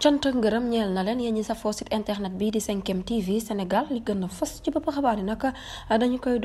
cant ak ngërëm ñeel na leen yéen ñi safoo internet bi di 5 TV Sénégal li gën a fës ci bopp xabaar yi nag dañu koy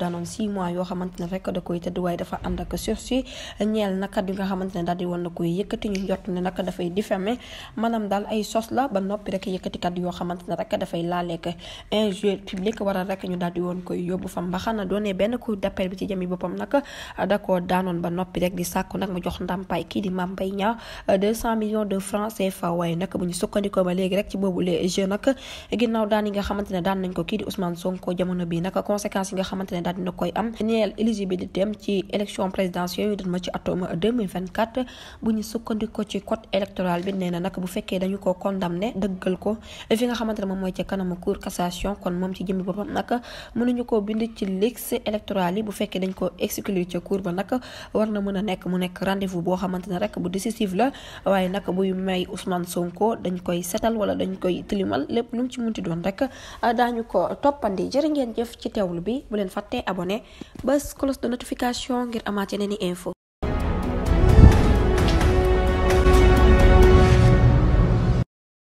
daanoon nañ mois yoo xamante rek da koy tëdd waaye dafa ànd ak sursis ñeel nag di nga daal di woon la dafay diffamer maanaam daal ay sos la ba noppi rek yëkkatikat yoo xamante ne rek dafay laaleek injure publique waral rek ñu daal di woon koy yóbbu fa mbaxana doone benn cour d'appel bi ci da koo daanoon ba noppi rek di sàkku nag ba léegi rek ci boobu les jeux nag ginnaaw daan yi nga xamante ne daan nañ ko kii di Ousmane Sonko jamono bi nag conséquences yi nga xamante daal dina koy am ñeel éligibilité ci élection présidentielle yu dama ci atum 2024 bu ñu sukkandikoo ci code électoral bi nee na nag bu fekkee dañu ko condamné dëggal ko fi nga xamante ne moom mooy ci kanamu cour cassation kon moom ci jëmmi boppam nag mënuñu koo bind ci liste électorale yi bu fekkee dañ ko exclure ca cour ba nag war na mën a nekk mu nekk rendez-vous boo xamante ne rek bu décisif la waaye nag buy may Ousmane Sonko dañ koy setal wala dañ koy tilimal lépp lu mu ci munti doon rek daañu ko toppandi jërë ngeen jëf ci teewlu bi bu leen fàttee abonné bés cloche de notification ngir amaat ne i info